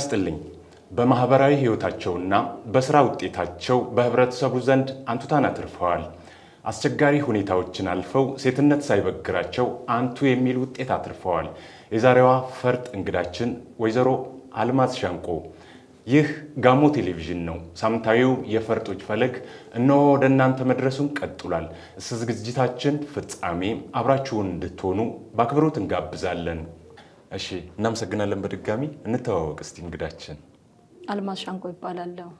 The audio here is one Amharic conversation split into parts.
ይስጥልኝ በማኅበራዊ ሕይወታቸውና በሥራ ውጤታቸው በኅብረተሰቡ ዘንድ አንቱታን አትርፈዋል። አስቸጋሪ ሁኔታዎችን አልፈው ሴትነት ሳይበግራቸው አንቱ የሚል ውጤት አትርፈዋል። የዛሬዋ ፈርጥ እንግዳችን ወይዘሮ አልማዝ ሻንቆ። ይህ ጋሞ ቴሌቪዥን ነው። ሳምንታዊው የፈርጦች ፈለግ እነሆ ወደ እናንተ መድረሱን ቀጥሏል። እስከ ዝግጅታችን ፍጻሜ አብራችሁን እንድትሆኑ በአክብሮት እንጋብዛለን። እሺ እናመሰግናለን። በድጋሚ እንተዋወቅ እስቲ እንግዳችን አልማዝ ሻንቆ ይባላለሁ።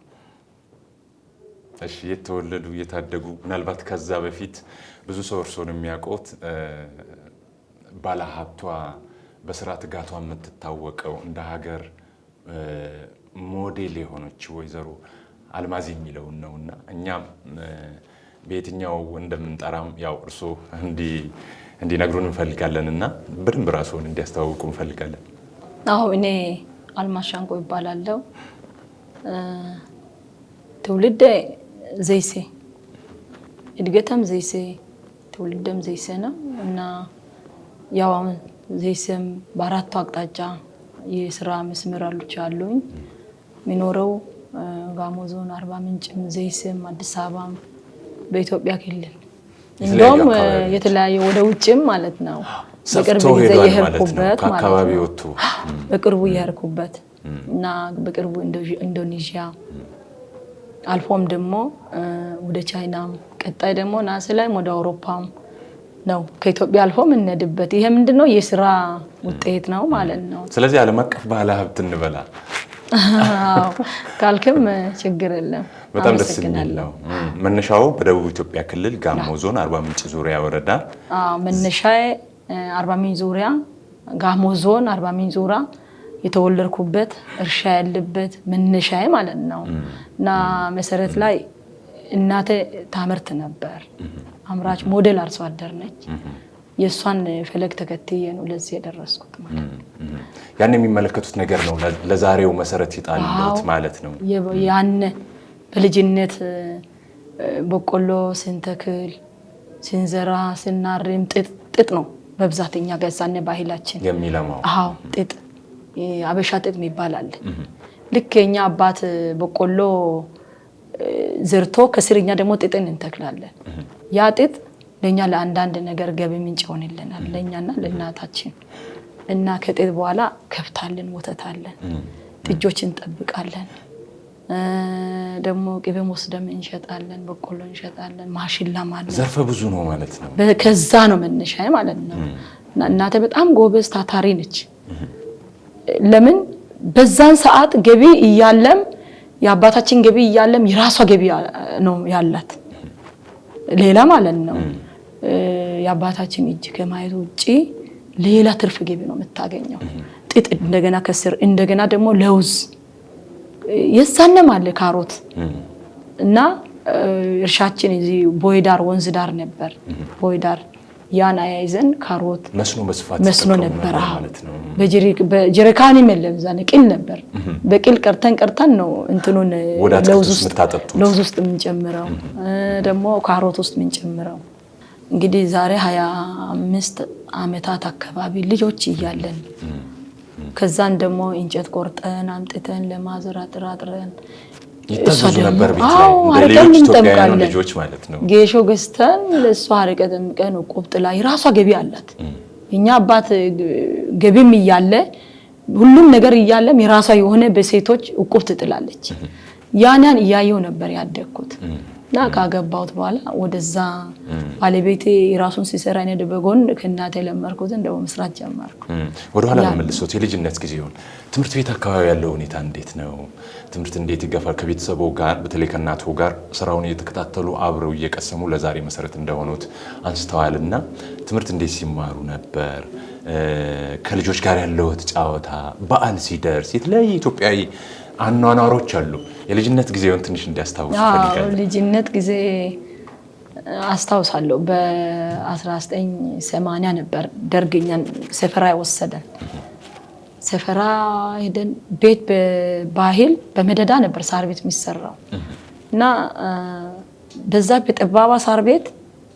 እሺ የተወለዱ የታደጉ ምናልባት ከዛ በፊት ብዙ ሰው እርሶን የሚያውቁት ባለሀብቷ በስራ ትጋቷ የምትታወቀው እንደ ሀገር ሞዴል የሆነች ወይዘሮ አልማዝ የሚለውን ነው እና እኛም በየትኛው እንደምንጠራም ያው እርሶ እንዲህ እንዲነግሩን እንፈልጋለን እና በደንብ ራስዎን እንዲያስተዋውቁ እንፈልጋለን። አዎ እኔ አልማሻንቆ ይባላለው። ትውልደ ዘይሴ እድገተም ዘይሴ ትውልደም ዘይሴ ነው እና ያው አሁን ዘይሴም በአራቱ አቅጣጫ የስራ መስመር አሉች አሉኝ የሚኖረው ጋሞ ዞን አርባ ምንጭም ዘይሴም አዲስ አበባም በኢትዮጵያ ክልል እንደውም የተለያየ ወደ ውጭም ማለት ነው በቅርብ ጊዜ የሄድኩበት ከአካባቢ በቅርቡ የሄድኩበት እና በቅርቡ ኢንዶኔዥያ አልፎም ደግሞ ወደ ቻይናም ቀጣይ ደግሞ ናስ ላይም ወደ አውሮፓም ነው ከኢትዮጵያ አልፎ የምንሄድበት። ይሄ ምንድን ነው የስራ ውጤት ነው ማለት ነው። ስለዚህ አለም አቀፍ ባለ ሀብት እንበላ ካልክም ችግር የለም። በጣም ደስ የሚለው መነሻው በደቡብ ኢትዮጵያ ክልል ጋሞ ዞን አርባ ምንጭ ዙሪያ ወረዳ መነሻ አርባ ምንጭ ዙሪያ ጋሞ ዞን አርባ ምንጭ ዙሪያ የተወለድኩበት እርሻ ያለበት መነሻ ማለት ነው እና መሰረት ላይ እናቴ ታምርት ነበር። አምራች ሞዴል አርሶ አደር ነች። የእሷን ፈለግ ተከትዬ ነው ለዚህ የደረስኩት ማለት ነው። ያን የሚመለከቱት ነገር ነው ለዛሬው መሰረት ይጣልት ማለት ነው። ያን በልጅነት በቆሎ ስንተክል ስንዘራ ስናርም ጥጥ ነው በብዛት እኛ ጋር ያሳነ ባህላችን የሚለማው ጥጥ አበሻ ጥጥ የሚባል አለ። ልክ የኛ አባት በቆሎ ዘርቶ ከስርኛ ደግሞ ጥጥን እንተክላለን። ያ ጥጥ ለእኛ ለአንዳንድ ነገር ገቢ ምንጭ ይሆንልናል ለእኛና ለእናታችን እና ከጥጥ በኋላ ከብታለን፣ ወተት ጥጆች እንጠብቃለን። ደግሞ ቅቤም ወስደም እንሸጣለን፣ በቆሎ እንሸጣለን፣ ማሽላ ማለት ዘርፈ ብዙ ነው ማለት ነው። ከዛ ነው መነሻ ማለት ነው። እናቴ በጣም ጎበዝ ታታሪ ነች። ለምን በዛን ሰዓት ገቢ እያለም የአባታችን ገቢ እያለም የራሷ ገቢ ነው ያላት፣ ሌላ ማለት ነው። የአባታችን እጅ ከማየት ውጭ ሌላ ትርፍ ገቢ ነው የምታገኘው። ጥጥ እንደገና ከስር እንደገና ደግሞ ለውዝ የሳለም አለ ካሮት እና እርሻችን እዚህ ቦይዳር ወንዝ ዳር ነበር። ቦይዳር ያን አያይዘን ካሮት መስኖ በስፋት መስኖ ነበር ማለት ነው። በጀሪካን የለም ዛኔ ቅል ነበር። በቅል ቀርተን ቀርተን ነው እንትኑን ለውዝ ውስጥ ለውዝ ውስጥ የምንጨምረው ደግሞ ካሮት ውስጥ የምንጨምረው እንግዲህ ዛሬ ሀያ አምስት ዓመታት አካባቢ ልጆች እያለን ከዛን ደግሞ እንጨት ቆርጠን አምጥተን ለማዘር አጥራጥረን ይታዘዙ ነበር። ቤት ላይ አረቀን እንጠምቃለን ልጆች ማለት ነው። ጌሾ ገዝተን ለእሷ አረቀ ጠምቀን ቆብ ጥላ የራሷ ገቢ አላት። እኛ አባት ገቢም እያለ ሁሉም ነገር እያለም የራሷ የሆነ በሴቶች እቁብ ትጥላለች። ያንያን ያን እያየው ነበር ያደግኩት። እና ካገባሁት በኋላ ወደዛ ባለቤቴ ራሱን ሲሰራ እኔ በጎን ከእናቴ የለመድኩትን ደግሞ መስራት ጀመርኩ። ወደኋላ ለመልሶት የልጅነት ጊዜውን ትምህርት ቤት አካባቢ ያለው ሁኔታ እንዴት ነው? ትምህርት እንዴት ይገፋል? ከቤተሰቡ ጋር በተለይ ከእናቱ ጋር ስራውን እየተከታተሉ አብረው እየቀሰሙ ለዛሬ መሰረት እንደሆኑት አንስተዋል። እና ትምህርት እንዴት ሲማሩ ነበር? ከልጆች ጋር ያለውት ጫወታ፣ በዓል ሲደርስ የተለያየ ኢትዮጵያዊ አኗኗሮች አሉ። የልጅነት ጊዜውን ትንሽ እንዲያስታውሱ ፈልጋለሁ። ልጅነት ጊዜ አስታውሳለሁ። በ1980 ነበር ደርግኛን ሰፈራ ወሰደን ሰፈራ ሄደን ቤት በባህል በመደዳ ነበር ሳር ቤት የሚሰራው እና በዛ በጠባባ ሳር ቤት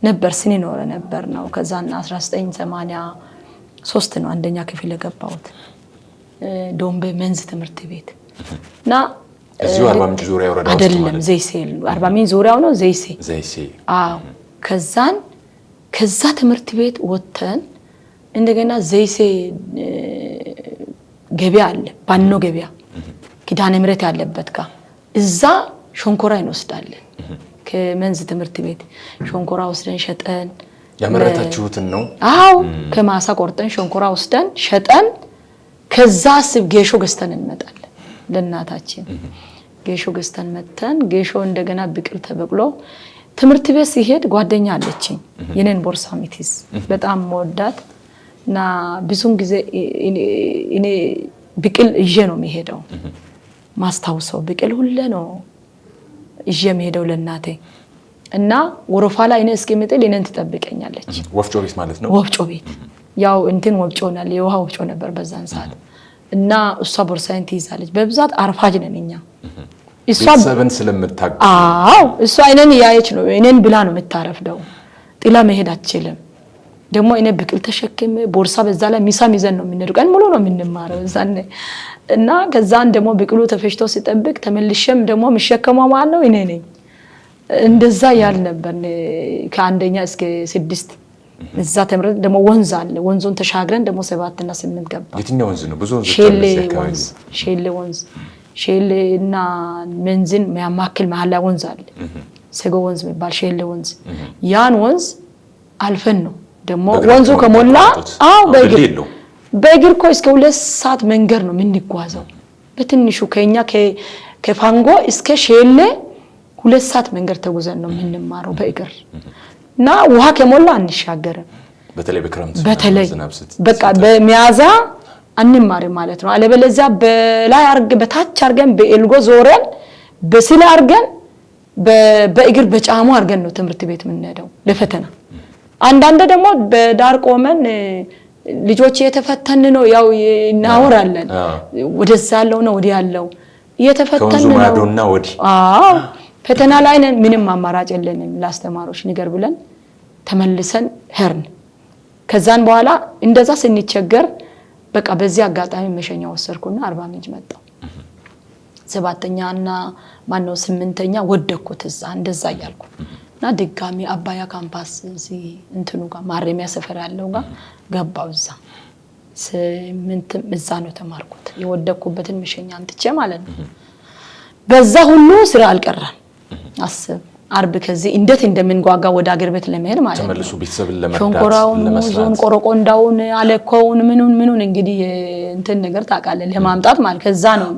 ነበር ስንኖረ ነበር ነው። ከዛና 1983 ነው አንደኛ ክፍል የገባሁት ዶምቤ መንዝ ትምህርት ቤት እና ዙሪያ አይደለም ዘይሴ አርባ ምንጭ ዙሪያው ነው ዘይሴ። አዎ ከዛን ከዛ ትምህርት ቤት ወጥተን እንደገና ዘይሴ ገበያ አለ፣ ባኖ ገበያ ኪዳነ ምሕረት ያለበት ጋ እዛ ሸንኮራ እንወስዳለን። ከመንዝ ትምህርት ቤት ሸንኮራ ወስደን ሸጠን ያመረታችሁትን ነው? አዎ ከማሳ ቆርጠን ሸንኮራ ወስደን ሸጠን ከዛ ስብ ጌሾ ገዝተን እንመጣለን። ለእናታችን ጌሾ ገዝተን መጥተን ጌሾ እንደገና ብቅል ተበቅሎ ትምህርት ቤት ሲሄድ ጓደኛ አለችኝ የኔን ቦርሳ ሚትዝ በጣም መወዳት እና ብዙም ጊዜ እኔ ብቅል ይዤ ነው የሚሄደው። ማስታውሰው ብቅል ሁሌ ነው ይዤ የሚሄደው ለእናቴ እና ወረፋ ላይ እኔ እስኪምጥል እኔን ትጠብቀኛለች። ወፍጮ ቤት ማለት ነው። ወፍጮ ቤት ያው እንትን ወፍጮ የውሃ ወፍጮ ነበር በዛን ሰዓት እና እሷ ቦርሳዬን ትይዛለች። በብዛት አርፋጅ ነን እኛ ቤተሰብን ስለምታውቅ አዎ፣ እሷ እኔን እያየች ነው እኔን ብላ ነው የምታረፍደው። ጥላ መሄድ አትችልም። ደግሞ እኔ ብቅል ተሸክም ቦርሳ በዛ ላይ ሚሳም ይዘን ነው የምንሄደው። ቀን ሙሉ ነው የምንማረው እዛን እና ከዛን ደግሞ ብቅሉ ተፈሽቶ ሲጠብቅ ተመልሼም ደግሞ የምሸከመው ማለት ነው እኔ ነኝ። እንደዛ ያል ነበር ከአንደኛ እስከ ስድስት እዛ ተምረን ደግሞ ወንዝ አለ። ወንዙን ተሻግረን ደግሞ ሰባትና ስምንት ገባ። የትኛው ወንዝ ነው? ብዙ ወንዝ ሼሌ ወንዝ ሼሌ እና መንዝን የሚያማክል መሀል ላይ ወንዝ አለ፣ ሰገ ወንዝ የሚባል ሼሌ ወንዝ። ያን ወንዝ አልፈን ነው ደግሞ ወንዙ ከሞላ አዎ፣ በእግር በእግር እኮ እስከ ሁለት ሰዓት መንገድ ነው የምንጓዘው በትንሹ ከኛ ከፋንጎ እስከ ሼሌ ሁለት ሰዓት መንገድ ተጉዘን ነው የምንማረው በእግር እና ውሃ ከሞላ አንሻገርም። በተለይ በክረምት በተለይ በቃ በሚያዛ አንማር ማለት ነው። አለበለዚያ በላይ አርገ በታች አርገን በኤልጎ ዞረን በስለ አርገን በእግር በጫሙ አርገን ነው ትምህርት ቤት የምንሄደው ለፈተና። አንዳንድ ደግሞ በዳር ቆመን ልጆች እየተፈተን ነው ያው እናወራለን። ወደዛ ያለው ነው ወዲያ ያለው እየተፈተን ነው። አዎ ፈተና ላይ ነን፣ ምንም አማራጭ የለንም፣ ለአስተማሪዎች ንገር ብለን ተመልሰን ሄርን። ከዛን በኋላ እንደዛ ስንቸገር በቃ በዚህ አጋጣሚ መሸኛ ወሰድኩና አርባ ምንጭ መጣሁ። ሰባተኛና ማነው ስምንተኛ ወደኩት እዛ እንደዛ እያልኩ እና ድጋሚ አባያ ካምፓስ እዚህ እንትኑ ጋር ማረሚያ ሰፈር ያለው ጋር ገባው። እዛ ስምንትም እዛ ነው የተማርኩት። የወደኩበትን መሸኛ አንጥቼ ማለት ነው። በዛ ሁሉ ስራ አልቀራም። አስብ አርብ ከዚህ እንዴት እንደምንጓጓ ወደ አገር ቤት ለመሄድ ማለት ነው። ተመልሶ ቤተሰብን ለመርዳት ሸንኮራውን፣ ሙዙን፣ ቆረቆንዳውን፣ አለኮውን ምኑን ምኑን እንግዲህ እንትን ነገር ታውቃለህ ለማምጣት ማለት ከዛ ነው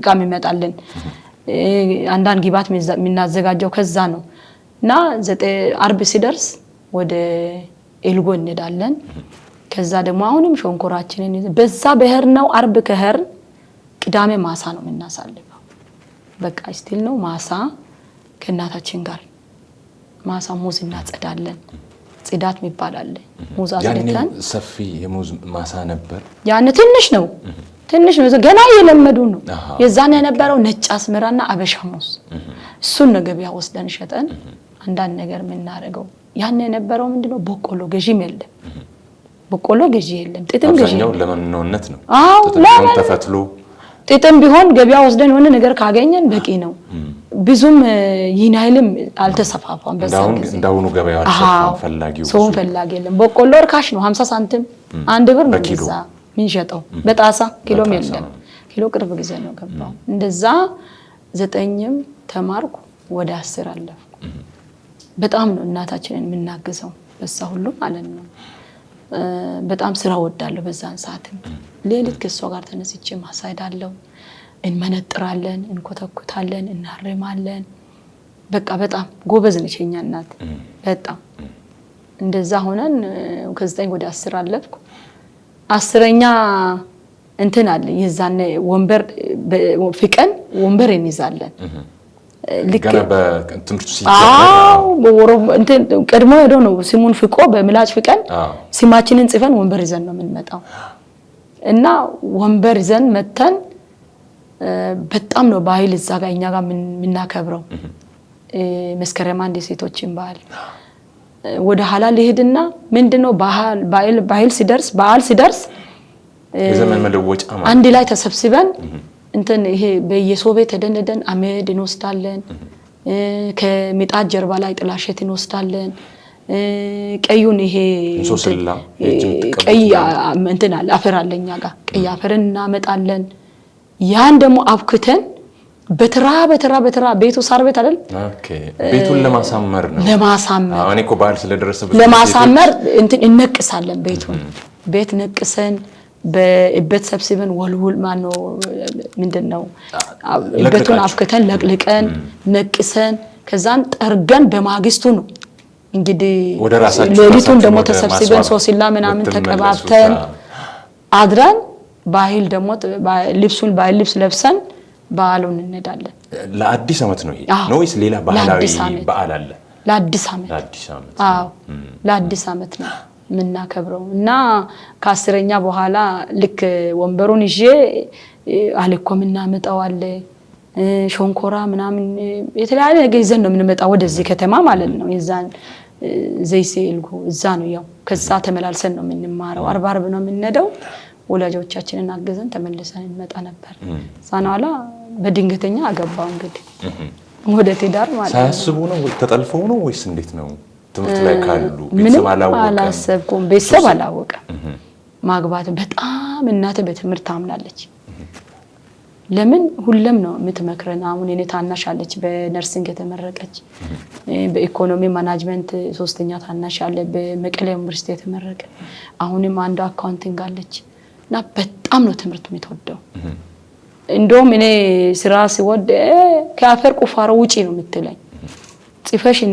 እቃ የሚመጣልን አንዳንድ ግባት የምናዘጋጀው ከዛ ነው እና አርብ ሲደርስ ወደ ኤልጎ እንሄዳለን። ከዛ ደግሞ አሁንም ሸንኮራችንን በዛ በህር ነው አርብ ከህር ቅዳሜ ማሳ ነው የምናሳልፈው። በቃ ስቲል ነው ማሳ ከእናታችን ጋር ማሳ ሙዝ እናጸዳለን። ጽዳት የሚባል አለ። ሙዝ አጽድተን ሰፊ የሙዝ ማሳ ነበር። ያን ትንሽ ነው ትንሽ ነው። ገና እየለመዱ ነው። የዛን የነበረው ነጭ አስመራና አበሻ ሙዝ፣ እሱን ነው ገበያ ወስደን ሸጠን አንዳንድ ነገር የምናደርገው። ያን የነበረው ምንድነው በቆሎ ገዢም የለም። በቆሎ ገዢ የለም። ጥጥም ገዢ ለመኖነት ነው። አዎ ተፈትሎ ጥጥም ቢሆን ገበያ ወስደን የሆነ ነገር ካገኘን በቂ ነው። ብዙም ይህን ያህልም አልተሰፋፋም። እንዳሁኑ ሰውን ፈላጊ የለም። በቆሎ እርካሽ ነው፣ ሀምሳ ሳንቲም አንድ ብር ነው ዛ ምንሸጠው በጣሳ ኪሎም የለም። ኪሎ ቅርብ ጊዜ ነው ገባው። እንደዛ ዘጠኝም ተማርኩ ወደ አስር አለፍኩ። በጣም ነው እናታችንን የምናግዘው በሳ ሁሉ ማለት ነው። በጣም ስራ ወዳለሁ። በዛን ሰዓት ሌሊት ከእሷ ጋር ተነስቼ ማሳይድ አለው። እንመነጥራለን፣ እንኮተኩታለን፣ እናርማለን። በቃ በጣም ጎበዝ ነች የኛ እናት በጣም እንደዛ ሆነን ከዘጠኝ ወደ አስር አለፍኩ። አስረኛ እንትን አለ የዛን ወንበር ፍቀን ወንበር እንይዛለን ቀድሞ ሄዶ ነው ስሙን ፍቆ በምላጭ ፍቀን ስማችንን ጽፈን ወንበር ይዘን ነው የምንመጣው እና ወንበር ይዘን መተን በጣም ነው ባህል እዛ ጋ እኛ ጋር የምናከብረው መስከረም አንድ የሴቶችን ባህል ወደ ኋላ ሊሄድና ምንድነው ባህል ሲደርስ በዓል ሲደርስ አንድ ላይ ተሰብስበን እንትን ይሄ በየሶቤ ተደንደን አመድ እንወስዳለን። ከምጣድ ጀርባ ላይ ጥላሸት እንወስዳለን። ቀዩን ይሄ ቀይ እንትን አለ አፈር አለኛ ጋር ቀይ አፈርን እናመጣለን። ያን ደግሞ አብክተን በትራ በትራ በትራ ቤቱ ሳር ቤት አይደል? ኦኬ ቤቱን ለማሳመር ነው። ለማሳመር አሁን እኮ ባህል ስለደረሰበት ለማሳመር እንትን እንነቅሳለን ቤቱን ቤት ነቅሰን በእበት ሰብስበን ወልውል ማን ነው ምንድን ነው እበቱን አፍክተን ለቅልቀን ነቅሰን ከዛን ጠርገን በማግስቱ ነው እንግዲህ ሌሊቱን ደግሞ ተሰብስበን ሶሲላ ምናምን ተቀባብተን አድረን ባህል ደግሞ ልብሱን ባህል ልብስ ለብሰን በዓሉን እንሄዳለን። ለአዲስ ዓመት ነው ይሄ ነው ወይስ ሌላ ባህላዊ በዓል አለ? ለአዲስ ዓመት። ለአዲስ ዓመት ነው። የምናከብረው እና ከአስረኛ በኋላ ልክ ወንበሩን ይዤ አልኮ የምናመጣው አለ ሾንኮራ ምናምን የተለያየ ነገር ይዘን ነው የምንመጣ ወደዚህ ከተማ ማለት ነው። የዛን ዘይሴ ልጎ እዛ ነው ያው ከዛ ተመላልሰን ነው የምንማረው። አርባ አርብ ነው የምንሄደው። ወላጆቻችንን አገዘን ተመልሰን እንመጣ ነበር። እዛን ኋላ በድንገተኛ አገባው እንግዲህ ወደ ቴዳር ማለት ነው። ሳያስቡ ነው ተጠልፈው ነው ወይስ እንዴት ነው? ትምህርት ላይ ካሉ ምንም አላሰብኩም። ቤተሰብ አላወቀም። ማግባት በጣም እናት በትምህርት ታምናለች። ለምን ሁለም ነው የምትመክረን። አሁን እኔ ታናሽ አለች በነርሲንግ የተመረቀች በኢኮኖሚ ማናጅመንት ሶስተኛ ታናሽ አለ በመቀሌ ዩኒቨርሲቲ የተመረቀ አሁንም አንዱ አካውንቲንግ አለች እና በጣም ነው ትምህርት የምትወደው። እንደውም እኔ ስራ ሲወድ ከአፈር ቁፋሮ ውጪ ነው የምትለኝ ጽፈሽን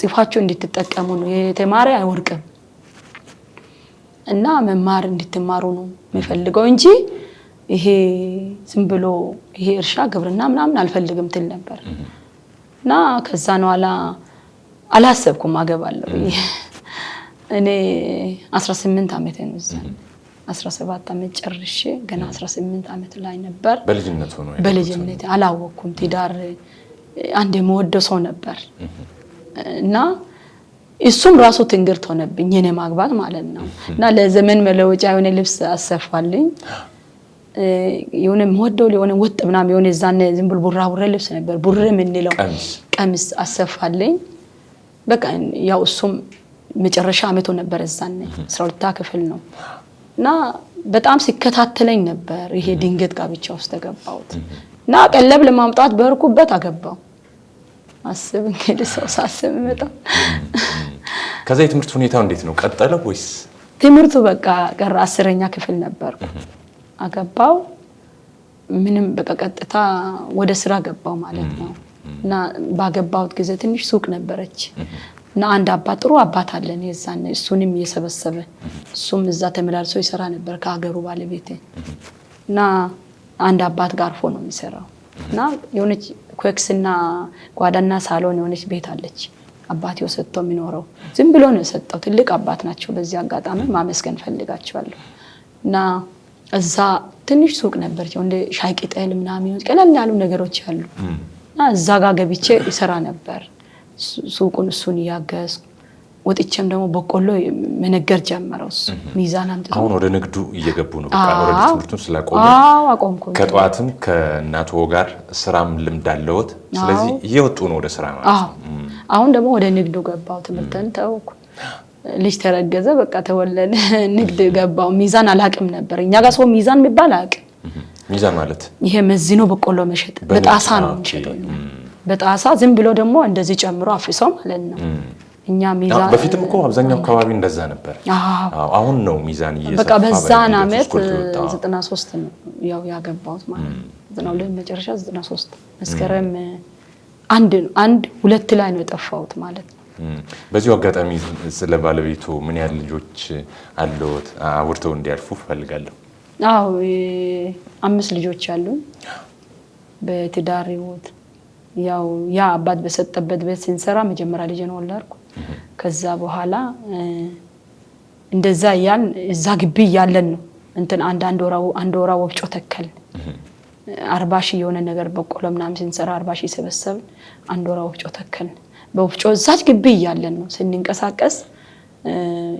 ጽፋቸው እንድትጠቀሙ ነው። የተማረ አይወድቅም እና መማር እንድትማሩ ነው የሚፈልገው እንጂ ይሄ ዝም ብሎ ይሄ እርሻ ግብርና ምናምን አልፈልግም ትል ነበር እና ከዛ ነው አላ አላሰብኩም አገባለሁ። እኔ 18 ዓመት ነው እዛ 17 ዓመት ጨርሼ ገና 18 ዓመት ላይ ነበር። በልጅነት ሆኖ በልጅነት አላወቅኩም ትዳር አንድ የመወደው ሰው ነበር እና እሱም ራሱ ትንግርት ሆነብኝ የኔ ማግባት ማለት ነው። እና ለዘመን መለወጫ የሆነ ልብስ አሰፋልኝ የሆነ መወደው የሆነ ወጥ ምናምን የሆነ እዛን ዝም ብሎ ቡራ ልብስ ነበር ቡር የምንለው ቀሚስ አሰፋልኝ። በቃ ያው እሱም መጨረሻ አመቶ ነበር እዛን አስራ ክፍል ነው እና በጣም ሲከታተለኝ ነበር። ይሄ ድንገት ጋብቻ ውስጥ ተገባሁት። እና ቀለብ ለማምጣት በርኩበት አገባው። አስብ እንግዲህ ሰው ሳስብ መጣ። ከዛ የትምህርት ሁኔታው እንዴት ነው ቀጠለ ወይስ ትምህርቱ በቃ ቀረ? አስረኛ ክፍል ነበርኩ አገባው። ምንም በቃ ቀጥታ ወደ ስራ ገባው ማለት ነው። እና ባገባሁት ጊዜ ትንሽ ሱቅ ነበረች እና አንድ አባት ጥሩ አባት አለን የዛን እሱንም እየሰበሰበ እሱም እዛ ተመላልሶ ይሰራ ነበር ከሀገሩ ባለቤት እና አንድ አባት ጋር ሆኖ የሚሰራው እና የሆነች ኮክስና ጓዳና ሳሎን የሆነች ቤት አለች። አባት ሰጥቶ የሚኖረው ዝም ብሎ ነው የሰጠው። ትልቅ አባት ናቸው። በዚህ አጋጣሚ ማመስገን ፈልጋቸዋለሁ እና እዛ ትንሽ ሱቅ ነበር እንደ ሻይ ቅጠል ምናምን ቀለል ያሉ ነገሮች አሉ። እና እዛ ጋር ገብቼ ይሰራ ነበር ሱቁን እሱን እያገዝኩ ወጥቼም ደግሞ በቆሎ መነገር ጀመረው። እሱ ሚዛን አምጥቶ አሁን ወደ ንግዱ እየገቡ ነው። በቃ ኦልሬዲ ትምህርቱን ስላቆሙ ከጠዋትም ከእናቶ ጋር ስራም ልምድ አለዎት። ስለዚህ እየወጡ ነው ወደ ስራ ማለት ነው። አሁን ደግሞ ወደ ንግዱ ገባው። ትምህርትን ተውኩ። ልጅ ተረገዘ፣ በቃ ተወለደ፣ ንግድ ገባው። ሚዛን አላቅም ነበር። እኛ ጋር ሰው ሚዛን የሚባል አቅም ሚዛን ማለት ይሄ መዝኖ በቆሎ መሸጥ በጣሳ ነው የሚሸጠው። በጣሳ ዝም ብሎ ደግሞ እንደዚህ ጨምሮ አፍሶ ማለት ነው እኛ ሚዛን በፊትም እኮ አብዛኛው አካባቢ እንደዛ ነበር። አሁን ነው ሚዛን እየሰፋ በቃ በዛን አመት 93 ነው ያው ያገባሁት ማለት ነው። መጨረሻ 93 መስከረም አንድ አንድ ሁለት ላይ ነው የጠፋሁት ማለት ነው። በዚሁ አጋጣሚ ስለ ባለቤቱ ምን ያህል ልጆች አለዎት አውርተው እንዲያልፉ ፈልጋለሁ አዎ አምስት ልጆች አሉ በትዳር ህይወት ያው ያ አባት በሰጠበት ቤት ስንሰራ መጀመሪያ ልጄን ወለድኩ። ከዛ በኋላ እንደዛ እያልን እዛ ግቢ እያለን ነው እንትን አንድ አንድ ወራ ወፍጮ ተከል አርባ ሺህ የሆነ ነገር በቆሎ ምናምን ስንሰራ አርባ ሺህ ሰበሰብን። አንድ ወራ ወፍጮ ተከል በወፍጮ እዛች ግቢ እያለን ነው ስንንቀሳቀስ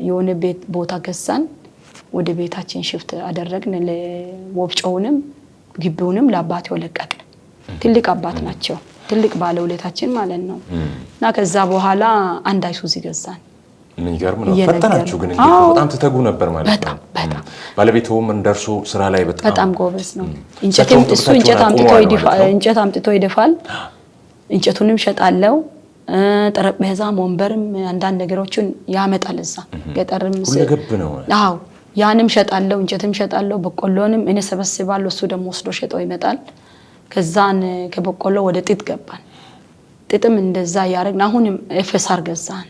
የሆነ ቤት ቦታ ገዛን። ወደ ቤታችን ሽፍት አደረግን። ወፍጮውንም ግቢውንም ለአባቴው ለቀቅን። ትልቅ አባት ናቸው። ትልቅ ባለውለታችን ማለት ነው። እና ከዛ በኋላ አንድ አይሱዚ ገዛን። የሚገርም ነው። ፈተናችሁ ግን በጣም ትተጉ ነበር ማለት ነው። ባለቤትዎም እንደርሱ ስራ ላይ በጣም ጎበዝ ነው። እሱ እንጨት አምጥቶ ይደፋል። እንጨቱንም ሸጣለው። ጠረጴዛም፣ ወንበርም አንዳንድ ነገሮችን ያመጣል። እዛ ገጠርም ሁለገብ ነው። አዎ ያንም ሸጣለው፣ እንጨትም ሸጣለው፣ በቆሎንም እኔ ሰበስባለሁ፣ እሱ ደግሞ ወስዶ ሸጠው ይመጣል። ከዛን ከበቆሎ ወደ ጥጥ ገባን። ጥጥም እንደዛ እያደረግን አሁንም ኤፌሳር ገዛን።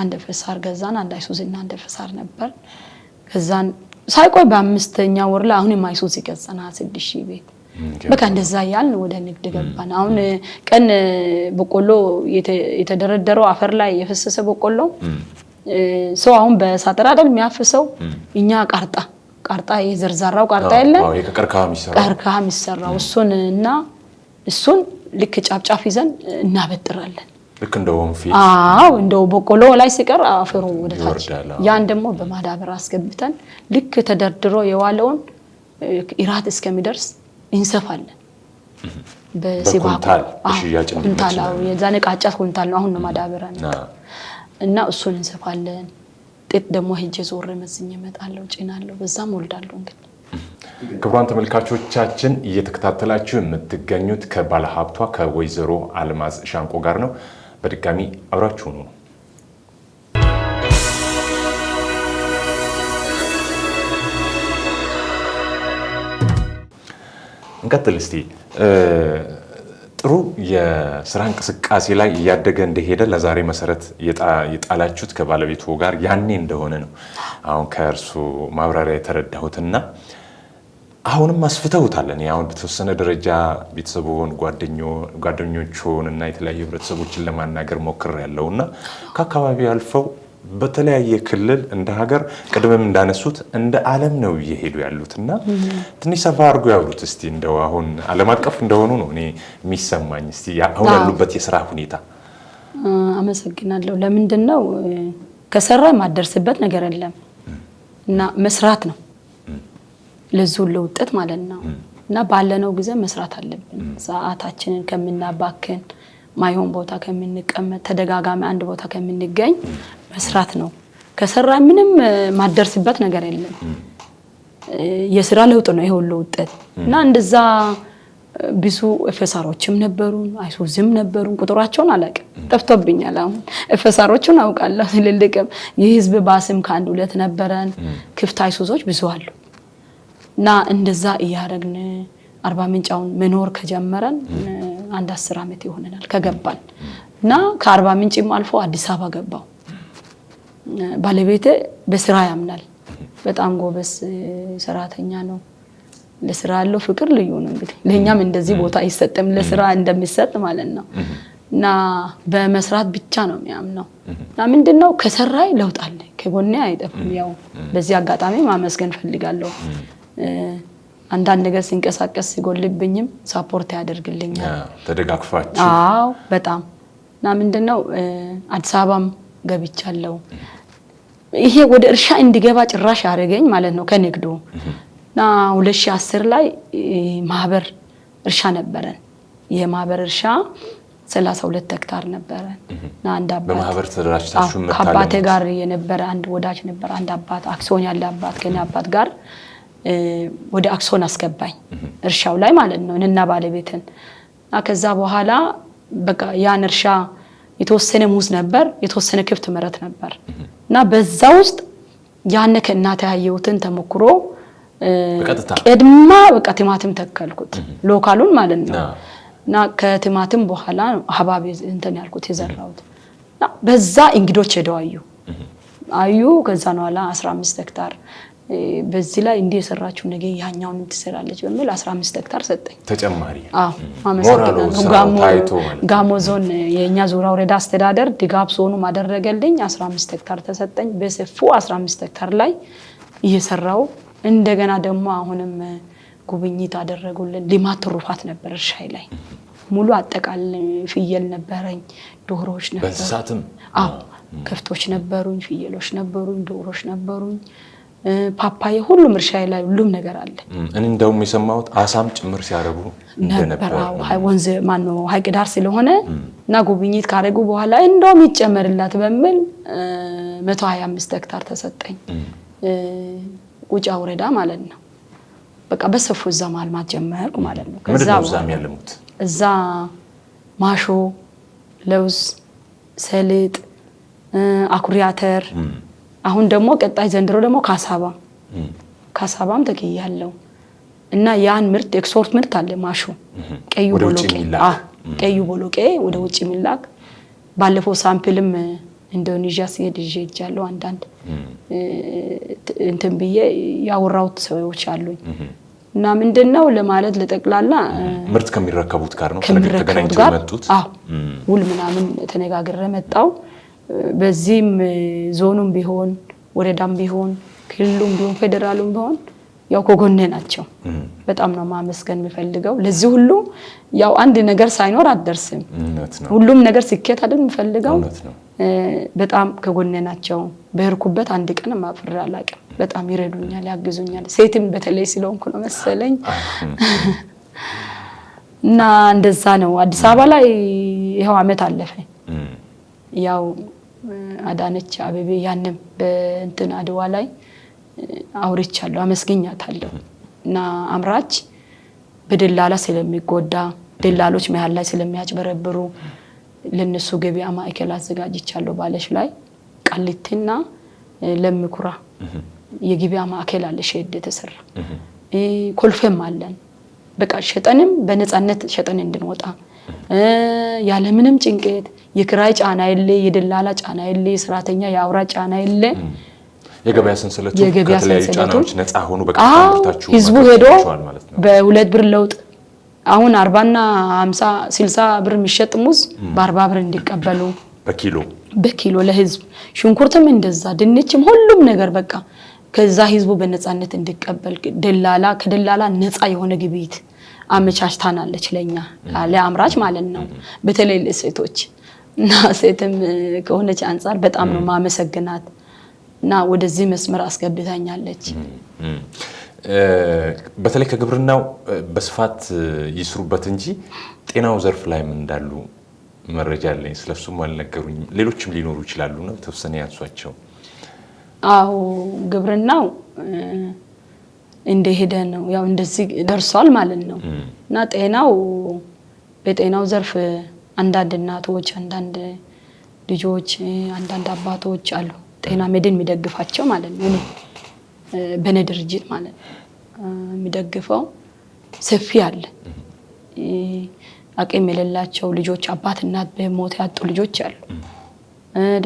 አንድ ኤፌሳር ገዛን፣ አንድ አይሱዝና አንድ ኤፌሳር ነበር። ከዛን ሳይቆይ በአምስተኛ ወር ላይ አሁንም አይሱዝ ገዛን ሀያ ስድስት ሺህ ቤት በቃ እንደዛ እያልን ወደ ንግድ ገባን። አሁን ቀን በቆሎ የተደረደረው አፈር ላይ የፈሰሰ በቆሎ ሰው አሁን አይደል የሚያፍሰው እኛ ቃርጣ ቃርጣ የዘርዛራው ቃርጣ የለም ከቀርከሃ የሚሰራው እሱን እና እሱን ልክ ጫፍጫፍ ይዘን እናበጥራለን። ልክ እንደውም ወንፊ አዎ፣ እንደው በቆሎ ላይ ሲቀር አፈሩ ወደ ታች፣ ያን ደግሞ በማዳበሪያ አስገብተን ልክ ተደርድሮ የዋለውን ኢራት እስከሚደርስ እንሰፋለን። በሲባኮ ኩንታል የዛኔ ቃጫት ኩንታል ነው። አሁን ነው ማዳበሪያ እና እሱን እንሰፋለን። ውጤት ደግሞ ሄጄ ዞር መዝኝ እመጣለሁ፣ ጭናለሁ፣ በዛም ወልዳለሁ። እንግዲህ ክቡራን ተመልካቾቻችን እየተከታተላችሁ የምትገኙት ከባለሀብቷ ከወይዘሮ አልማዝ ሻንቆ ጋር ነው። በድጋሚ አብራችሁ ነው እንቀጥል እስቲ ጥሩ የስራ እንቅስቃሴ ላይ እያደገ እንደሄደ ለዛሬ መሰረት የጣላችሁት ከባለቤቱ ጋር ያኔ እንደሆነ ነው አሁን ከእርሱ ማብራሪያ የተረዳሁትና አሁንም አስፍተውታለን። አሁን በተወሰነ ደረጃ ቤተሰቡን፣ ጓደኞቹን እና የተለያዩ ህብረተሰቦችን ለማናገር ሞክር ያለውና ከአካባቢ አልፈው በተለያየ ክልል እንደ ሀገር ቅድምም እንዳነሱት እንደ ዓለም ነው እየሄዱ ያሉት እና ትንሽ ሰፋ አድርጎ ያሉት እስቲ እንደው አሁን ዓለም አቀፍ እንደሆኑ ነው እኔ የሚሰማኝ። እስቲ አሁን ያሉበት የስራ ሁኔታ። አመሰግናለሁ። ለምንድን ነው ከሰራ የማደርስበት ነገር የለም እና መስራት ነው ለዚህ ሁሉ ማለት ነው እና ባለነው ጊዜ መስራት አለብን። ሰዓታችንን ከምናባክን ማይሆን ቦታ ከምንቀመጥ ተደጋጋሚ አንድ ቦታ ከምንገኝ መስራት ነው። ከሰራ ምንም ማደርስበት ነገር የለም። የስራ ለውጥ ነው ይሄ ውጠት ውጤት እና እንደዛ ብዙ ኤፌሳሮችም ነበሩን፣ አይሱዝም ነበሩን። ቁጥራቸውን አላውቅም፣ ጠፍቶብኛል። አሁን ኤፌሳሮቹን አውቃለሁ። ትልልቅም የህዝብ ባስም ከአንድ ሁለት ነበረን። ክፍት አይሱዞች ብዙ አሉ እና እንደዛ እያደረግን አርባ ምንጫውን መኖር ከጀመረን አንድ አስር ዓመት ይሆነናል ከገባን እና ከአርባ ምንጭም አልፎ አዲስ አበባ ገባው ባለቤቴ በስራ ያምናል። በጣም ጎበስ ሰራተኛ ነው። ለስራ ያለው ፍቅር ልዩ ነው። እንግዲህ ለእኛም እንደዚህ ቦታ አይሰጥም፣ ለስራ እንደሚሰጥ ማለት ነው። እና በመስራት ብቻ ነው የሚያምነው። እና ምንድን ነው ከሰራይ ለውጥ አለ፣ ከጎኔ ያው በዚህ አጋጣሚ ማመስገን ፈልጋለሁ። አንዳንድ ነገር ሲንቀሳቀስ ሲጎልብኝም ሳፖርት ያደርግልኛል። ተደጋግፋችሁ? አዎ በጣም እና ምንድን ነው አዲስ አበባም ገብቻለሁ ይሄ ወደ እርሻ እንዲገባ ጭራሽ አደረገኝ ማለት ነው ከንግዱ እና 2010 ላይ ማህበር እርሻ ነበረን። የማህበር እርሻ 32 ሄክታር ነበረን እና አንድ አባት ከአባቴ ጋር የነበረ አንድ ወዳጅ ነበር። አንድ አባት አክሶን ያለ አባት ከኔ አባት ጋር ወደ አክሶን አስገባኝ እርሻው ላይ ማለት ነው እኔና ባለቤትን እና ከዛ በኋላ በቃ ያን እርሻ የተወሰነ ሙዝ ነበር፣ የተወሰነ ክፍት ምርት ነበር እና በዛ ውስጥ ያነ ከእናት ያየሁትን ተሞክሮ ቅድማ በቃ ቲማቲም ተከልኩት ሎካሉን ማለት ነው። እና ከቲማቲም በኋላ ሀባብ እንትን ያልኩት የዘራሁት በዛ እንግዶች ሄደው አዩ አዩ ከዛ በኋላ 15 ሄክታር በዚህ ላይ እንዲህ የሰራችው ነገ ያኛውን ትሰራለች በሚል 15 ሄክታር ሰጠኝ ተጨማሪ። ጋሞ ዞን የእኛ ዙራ ወረዳ አስተዳደር ድጋፍ ዞኑ አደረገልኝ። 15 ሄክታር ተሰጠኝ። በሰፉ 15 ሄክታር ላይ እየሰራው እንደገና ደግሞ አሁንም ጉብኝት አደረጉልን። ልማት ትሩፋት ነበር እርሻ ላይ ሙሉ አጠቃል ፍየል ነበረኝ፣ ዶሮዎች ነበሩ፣ ከፍቶች ነበሩኝ፣ ፍየሎች ነበሩኝ፣ ዶሮዎች ነበሩኝ። ፓፓዬ፣ ሁሉም እርሻ ላይ ሁሉም ነገር አለ። እኔ እንደውም የሰማሁት አሳም ጭምር ሲያረጉ ነበር። ወንዝ ማነው ሀይቅ ዳር ስለሆነ እና ጉብኝት ካደረጉ በኋላ እንደውም ይጨመርላት በሚል መቶ ሀያ አምስት ሄክታር ተሰጠኝ ቁጫ ወረዳ ማለት ነው። በቃ በሰፉ እዛ ማልማት ጀመርኩ ማለት ነው። ከዛ ያለሙት እዛ ማሾ፣ ለውዝ፣ ሰሊጥ፣ አኩሪ አተር አሁን ደግሞ ቀጣይ ዘንድሮ ደግሞ ካሳባ ካሳባም ተገያለው እና ያን ምርት ኤክስፖርት ምርት አለ ማሹ ቀዩ ቦሎቄ ቀዩ ቦሎቄ ወደ ውጭ የሚላክ ባለፈው ሳምፕልም ኢንዶኔዥያ ሲሄድ ይዤ እጃለሁ። አንዳንድ እንትን ብዬ ያወራሁት ሰዎች አሉኝ እና ምንድን ነው ለማለት ለጠቅላላ ምርት ከሚረከቡት ጋር ነው ከሚረከቡት ጋር ውል ምናምን ተነጋግረ መጣው በዚህም ዞኑም ቢሆን ወረዳም ቢሆን ክልሉም ቢሆን ፌዴራሉም ቢሆን ያው ከጎኔ ናቸው። በጣም ነው ማመስገን የምፈልገው ለዚህ ሁሉ ያው አንድ ነገር ሳይኖር አትደርስም። ሁሉም ነገር ስኬት አይደል የምፈልገው። በጣም ከጎኔ ናቸው። በሄድኩበት አንድ ቀን አፍሬ አላውቅም። በጣም ይረዱኛል፣ ያግዙኛል። ሴትም በተለይ ስለሆንኩ ነው መሰለኝ እና እንደዛ ነው። አዲስ አበባ ላይ ይኸው አመት አለፈ ያው አዳነች አቤቤ ያንም በእንትን አድዋ ላይ አውርቻለሁ፣ አመስግኛታለሁ። እና አምራች በደላላ ስለሚጎዳ ደላሎች መሀል ላይ ስለሚያጭበረብሩ ለነሱ ገበያ ማዕከል አዘጋጅቻለሁ። ባለሽ ላይ ቃሊቲና ለሚኩራ የገበያ ማዕከል አለ፣ ሼድ የተሰራ ኮልፌም አለን። በቃ ሸጠንም በነፃነት ሸጠን እንድንወጣ ያለምንም ጭንቀት የክራይ ጫና የለ፣ የደላላ ጫና የለ፣ የሰራተኛ የአውራ ጫና የለ። የገበያ ሰንሰለቶች ከተለያዩ ጫናዎች ነፃ ሆኑ። ህዝቡ ሄዶ በሁለት ብር ለውጥ አሁን አርባና ሀምሳ ስልሳ ብር የሚሸጥ ሙዝ በአርባ ብር እንዲቀበሉ በኪሎ በኪሎ ለህዝብ ሽንኩርትም እንደዛ ድንችም ሁሉም ነገር በቃ ከዛ ህዝቡ በነፃነት እንዲቀበል ደላላ ከደላላ ነፃ የሆነ ግብይት አመቻችታናለች ለኛ ለአምራች ማለት ነው። በተለይ ለሴቶች እና ሴትም ከሆነች አንጻር በጣም ነው ማመሰግናት እና ወደዚህ መስመር አስገብታኛለች። በተለይ ከግብርናው በስፋት ይስሩበት እንጂ ጤናው ዘርፍ ላይም እንዳሉ መረጃ አለኝ። ስለሱም አልነገሩኝም። ሌሎችም ሊኖሩ ይችላሉ ነው ተወሰነ ያንሷቸው። አዎ ግብርናው እንደሄደ ነው። ያው እንደዚህ ደርሷል ማለት ነው። እና ጤናው በጤናው ዘርፍ አንዳንድ እናቶች፣ አንዳንድ ልጆች፣ አንዳንድ አባቶች አሉ ጤና መድን የሚደግፋቸው ማለት ነው። እኔ በእኔ ድርጅት ማለት ነው የሚደግፈው ሰፊ አለ። አቅም የሌላቸው ልጆች አባት እናት በሞት ያጡ ልጆች አሉ።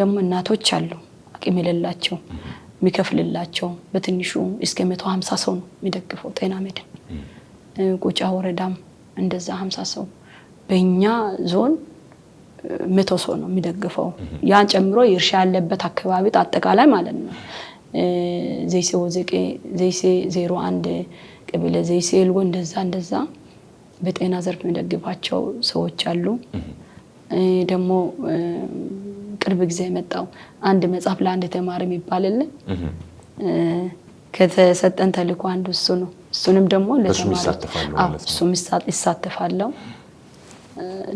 ደግሞ እናቶች አሉ አቅም የሌላቸው የሚከፍልላቸው በትንሹ እስከ መቶ ሀምሳ ሰው ነው የሚደግፈው ጤና መድን። ቁጫ ወረዳም እንደዛ ሀምሳ ሰው በእኛ ዞን መቶ ሰው ነው የሚደግፈው። ያን ጨምሮ እርሻ ያለበት አካባቢ አጠቃላይ ማለት ነው ዘይሴ ወዘቄ፣ ዘይሴ ዜሮ አንድ ቅብለ፣ ዘይሴ ልጎ እንደዛ እንደዛ በጤና ዘርፍ የሚደግፋቸው ሰዎች አሉ ደግሞ ቅርብ ጊዜ የመጣው አንድ መጽሐፍ ለአንድ ተማሪ የሚባልልን ከተሰጠን ተልኮ አንዱ እሱ ነው። እሱንም ደግሞ እሱም ይሳተፋለው።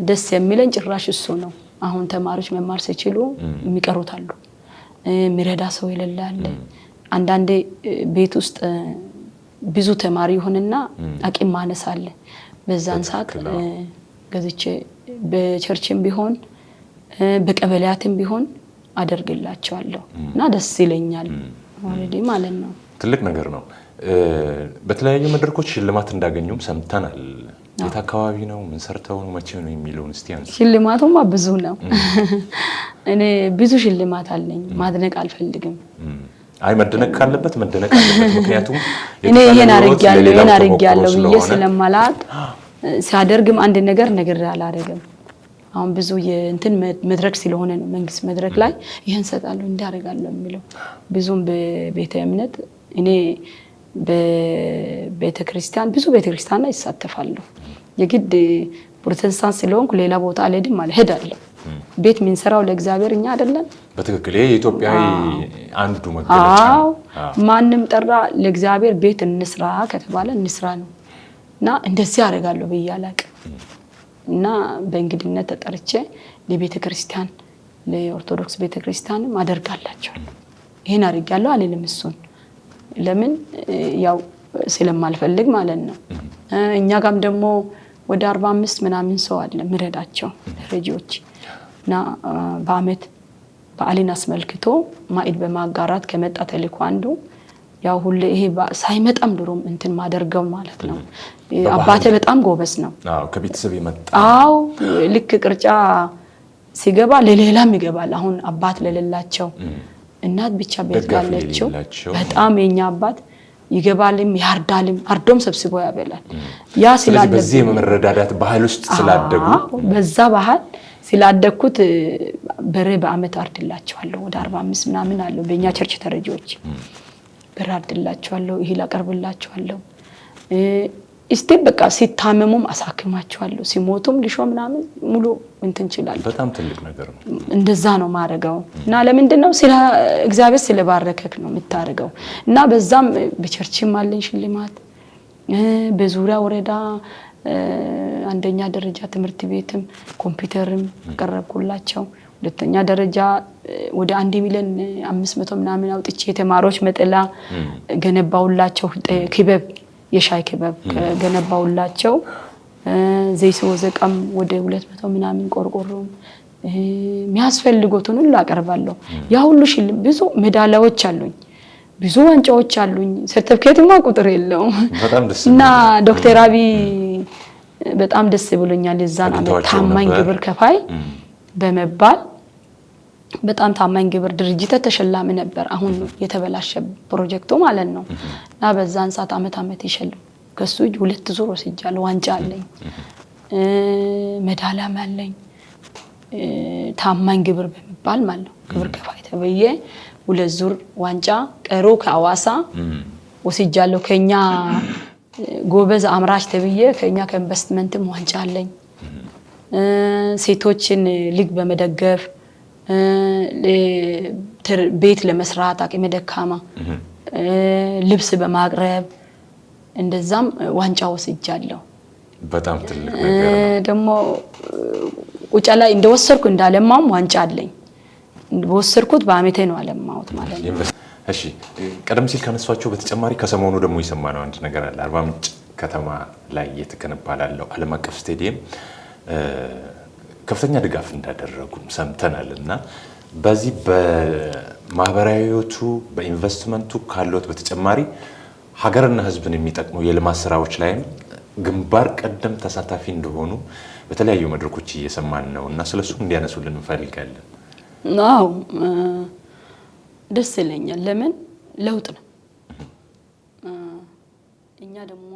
ደስ የሚለን ጭራሽ እሱ ነው። አሁን ተማሪዎች መማር ሲችሉ የሚቀሩት አሉ፣ የሚረዳ ሰው የሌለ አለ። አንዳንዴ ቤት ውስጥ ብዙ ተማሪ ይሁንና አቂም ማነስ አለ። በዛን ሰዓት ገዝቼ በቸርችም ቢሆን በቀበሌያትም ቢሆን አደርግላቸዋለሁ እና ደስ ይለኛል ማለት ነው። ትልቅ ነገር ነው። በተለያዩ መድረኮች ሽልማት እንዳገኙም ሰምተናል። የት አካባቢ ነው? ምን ሰርተው ነው? መቼ ነው የሚለውን እስቲ አንሱ። ሽልማቱማ ብዙ ነው። እኔ ብዙ ሽልማት አለኝ። ማድነቅ አልፈልግም። አይ መደነቅ ካለበት መደነቅ አለበት። ምክንያቱም እኔ ይሄን አድርጌያለሁ ይሄን አድርጌያለሁ ብዬ ስለማላቅ ሲያደርግም አንድ ነገር ነግሬ አላደርግም አሁን ብዙ የእንትን መድረክ ስለሆነ ነው መንግስት መድረክ ላይ ይህን ሰጣለሁ እንዳደርጋለሁ የሚለው ብዙም በቤተ እምነት እኔ በቤተ ክርስቲያን ብዙ ቤተ ክርስቲያን ላይ ይሳተፋለሁ። የግድ ፕሮቴስታንት ስለሆንኩ ሌላ ቦታ አልሄድም ማለት ሄዳለሁ። ቤት የምንሰራው ለእግዚአብሔር እኛ አይደለም። በትክክል ይሄ ኢትዮጵያዊ አንዱ መገለጫ። ማንም ጠራ ለእግዚአብሔር ቤት እንስራ ከተባለ እንስራ ነው እና እንደዚህ አደርጋለሁ ብዬ አላቅም። እና በእንግድነት ተጠርቼ ለቤተ ክርስቲያን ለኦርቶዶክስ ቤተ ክርስቲያንም አደርጋላቸዋለሁ። ይህን አድርጊያለሁ አልልም። እሱን ለምን ያው ስለማልፈልግ ማለት ነው። እኛ ጋም ደግሞ ወደ አርባ አምስት ምናምን ሰው አለ ምረዳቸው ረጂዎች እና በአመት በዓልን አስመልክቶ ማዕድ በማጋራት ከመጣ ተልእኮ አንዱ ያው ሁሌ ይሄ ሳይመጣም ድሮም እንትን ማደርገው ማለት ነው። አባቴ በጣም ጎበዝ ነው። ከቤተሰብ የመጣ አዎ፣ ልክ ቅርጫ ሲገባ ለሌላም ይገባል። አሁን አባት ለሌላቸው እናት ብቻ ቤት ላላቸው በጣም የኛ አባት ይገባልም ያርዳልም አርዶም ሰብስቦ ያበላል። ያ ስላለ የመረዳዳት ባህል ውስጥ ስላደጉ በዛ ባህል ስላደግኩት በሬ በአመት አርድላቸዋለሁ። ወደ 45 ምናምን አለው በእኛ ቸርች ተረጂዎች ብር አድላችኋለሁ፣ ይሄ አቀርብላችኋለሁ እስቲ በቃ ሲታመሙም አሳክማቸዋለሁ ሲሞቱም ልሾ ምናምን ሙሉ እንትን ይችላል። በጣም ትልቅ ነገር ነው። እንደዛ ነው እና ለምንድን ነው እግዚአብሔር ስለባረከክ ነው የምታደርገው እና በዛም በቸርችም አለኝ ሽልማት በዙሪያ ወረዳ አንደኛ ደረጃ ትምህርት ቤትም ኮምፒውተርም አቀረብኩላቸው። ሁለተኛ ደረጃ ወደ አንድ ሚሊዮን አምስት መቶ ምናምን አውጥቼ የተማሪዎች መጠላ ገነባውላቸው። ክበብ የሻይ ክበብ ገነባውላቸው። ዘይስ ወዘቀም ወደ ሁለት መቶ ምናምን ቆርቆሮም የሚያስፈልጎትን ሁሉ አቀርባለሁ። ያ ሁሉ ሽልም ብዙ ሜዳሊያዎች አሉኝ፣ ብዙ ዋንጫዎች አሉኝ። ሰርተፍኬትማ ቁጥር የለውም እና ዶክተር አብይ በጣም ደስ ብሎኛል። የዛን ታማኝ ግብር ከፋይ በመባል በጣም ታማኝ ግብር ድርጅት ተሸላሚ ነበር። አሁን የተበላሸ ፕሮጀክቱ ማለት ነው። እና በዛን ሰዓት አመት አመት ይሸልም ከሱ እጅ ሁለት ዙር ወስጃለሁ። ዋንጫ አለኝ፣ መዳላም አለኝ። ታማኝ ግብር በሚባል ማለት ነው ግብር ከፋይ ተብዬ ሁለት ዙር ዋንጫ ቀሮ ከአዋሳ ወስጃለሁ። ከኛ ጎበዝ አምራች ተብዬ ከኛ ከኢንቨስትመንትም ዋንጫ አለኝ። ሴቶችን ሊግ በመደገፍ ቤት ለመስራት አቅመ ደካማ ልብስ በማቅረብ እንደዛም ዋንጫ ወስጃለሁ። በጣም ትልቅ ደግሞ ቁጫ ላይ እንደወሰድኩ እንዳለማውም ዋንጫ አለኝ። በወሰድኩት በአሜቴ ነው አለማውት ማለት ነው። እሺ ቀደም ሲል ካነሷቸው በተጨማሪ ከሰሞኑ ደግሞ የሰማነው አንድ ነገር አለ። አርባ ምንጭ ከተማ ላይ እየተገነባ ላለው ዓለም አቀፍ ስቴዲየም ከፍተኛ ድጋፍ እንዳደረጉም ሰምተናል እና በዚህ በማህበራዊ በኢንቨስትመንቱ ካለት በተጨማሪ ሀገርና ህዝብን የሚጠቅሙ የልማት ስራዎች ላይም ግንባር ቀደም ተሳታፊ እንደሆኑ በተለያዩ መድረኮች እየሰማን ነው እና ስለሱ እንዲያነሱልን እንፈልጋለን። አዎ ደስ ይለኛል። ለምን ለውጥ ነው። እኛ ደግሞ